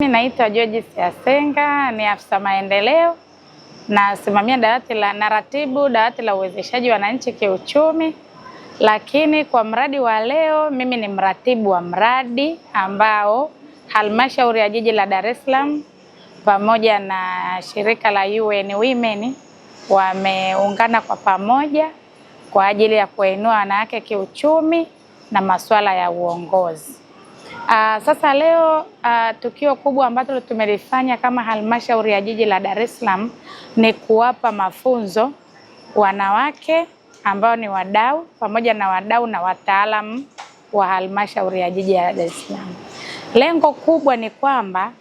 Mimi naitwa George Siasenga, ni afisa maendeleo, nasimamia dawati la naratibu dawati la uwezeshaji wananchi kiuchumi. Lakini kwa mradi wa leo, mimi ni mratibu wa mradi ambao halmashauri ya jiji la Dar es Salaam pamoja na shirika la UN Women wameungana kwa pamoja kwa ajili ya kuinua wanawake kiuchumi na masuala ya uongozi. Uh, sasa leo uh, tukio kubwa ambalo tumelifanya kama halmashauri ya jiji la Dar es Salaam ni kuwapa mafunzo wanawake ambao ni wadau pamoja na wadau na wataalamu wa halmashauri ya jiji la Dar es Salaam. Lengo kubwa ni kwamba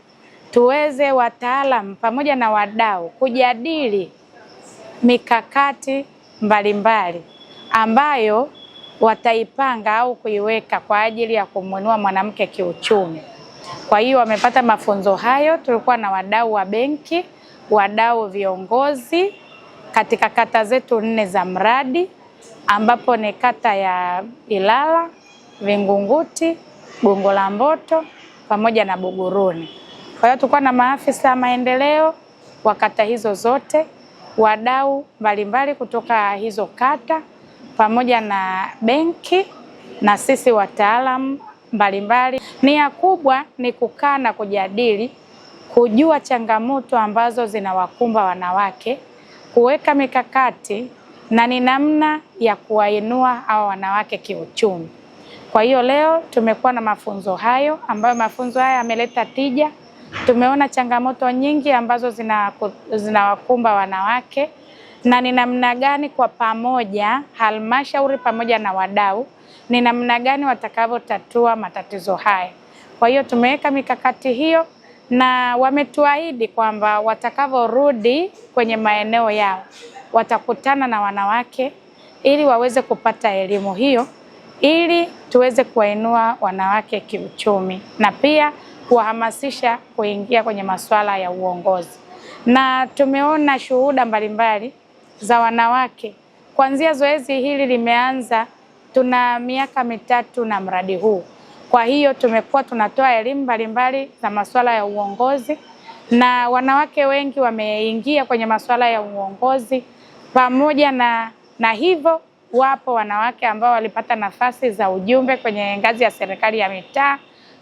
tuweze wataalamu pamoja na wadau kujadili mikakati mbalimbali ambayo wataipanga au kuiweka kwa ajili ya kumwinua mwanamke kiuchumi. Kwa hiyo wamepata mafunzo hayo. Tulikuwa na wadau wa benki, wadau viongozi katika kata zetu nne za mradi ambapo ni kata ya Ilala, Vingunguti, Gongo la Mboto pamoja na Buguruni. Kwa hiyo tulikuwa na maafisa ya maendeleo wa kata hizo zote, wadau mbalimbali kutoka hizo kata pamoja na benki na sisi wataalamu mbalimbali. Nia kubwa ni kukaa na kujadili, kujua changamoto ambazo zinawakumba wanawake, kuweka mikakati na ni namna ya kuwainua hawa wanawake kiuchumi. Kwa hiyo leo tumekuwa na mafunzo hayo ambayo mafunzo haya yameleta tija. Tumeona changamoto nyingi ambazo zinawakumba wanawake na ni namna gani kwa pamoja halmashauri pamoja na wadau ni namna gani watakavyotatua matatizo haya. Kwa hiyo tumeweka mikakati hiyo na wametuahidi kwamba watakavyorudi kwenye maeneo yao watakutana na wanawake ili waweze kupata elimu hiyo ili tuweze kuwainua wanawake kiuchumi na pia kuwahamasisha kuingia kwenye masuala ya uongozi. Na tumeona shuhuda mbalimbali mbali, za wanawake. Kuanzia zoezi hili limeanza, tuna miaka mitatu na mradi huu. Kwa hiyo tumekuwa tunatoa elimu mbalimbali za masuala ya uongozi na wanawake wengi wameingia kwenye masuala ya uongozi. Pamoja na, na hivyo wapo wanawake ambao walipata nafasi za ujumbe kwenye ngazi ya serikali ya mitaa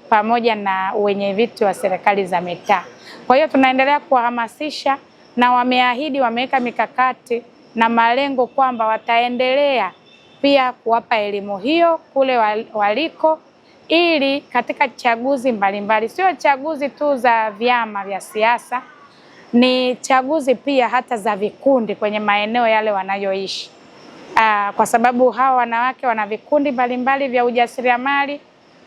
pamoja na wenye viti wa serikali za mitaa. Kwa hiyo tunaendelea kuhamasisha na wameahidi, wameweka mikakati na malengo kwamba wataendelea pia kuwapa elimu hiyo kule waliko, ili katika chaguzi mbalimbali, sio chaguzi tu za vyama vya siasa, ni chaguzi pia hata za vikundi kwenye maeneo yale wanayoishi. Aa, ah, kwa sababu hawa wanawake wana vikundi mbalimbali vya ujasiriamali.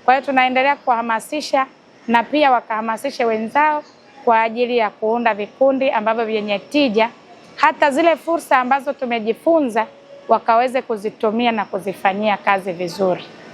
Kwa hiyo tunaendelea kuwahamasisha na pia wakahamasishe wenzao kwa ajili ya kuunda vikundi ambavyo vyenye tija, hata zile fursa ambazo tumejifunza wakaweze kuzitumia na kuzifanyia kazi vizuri.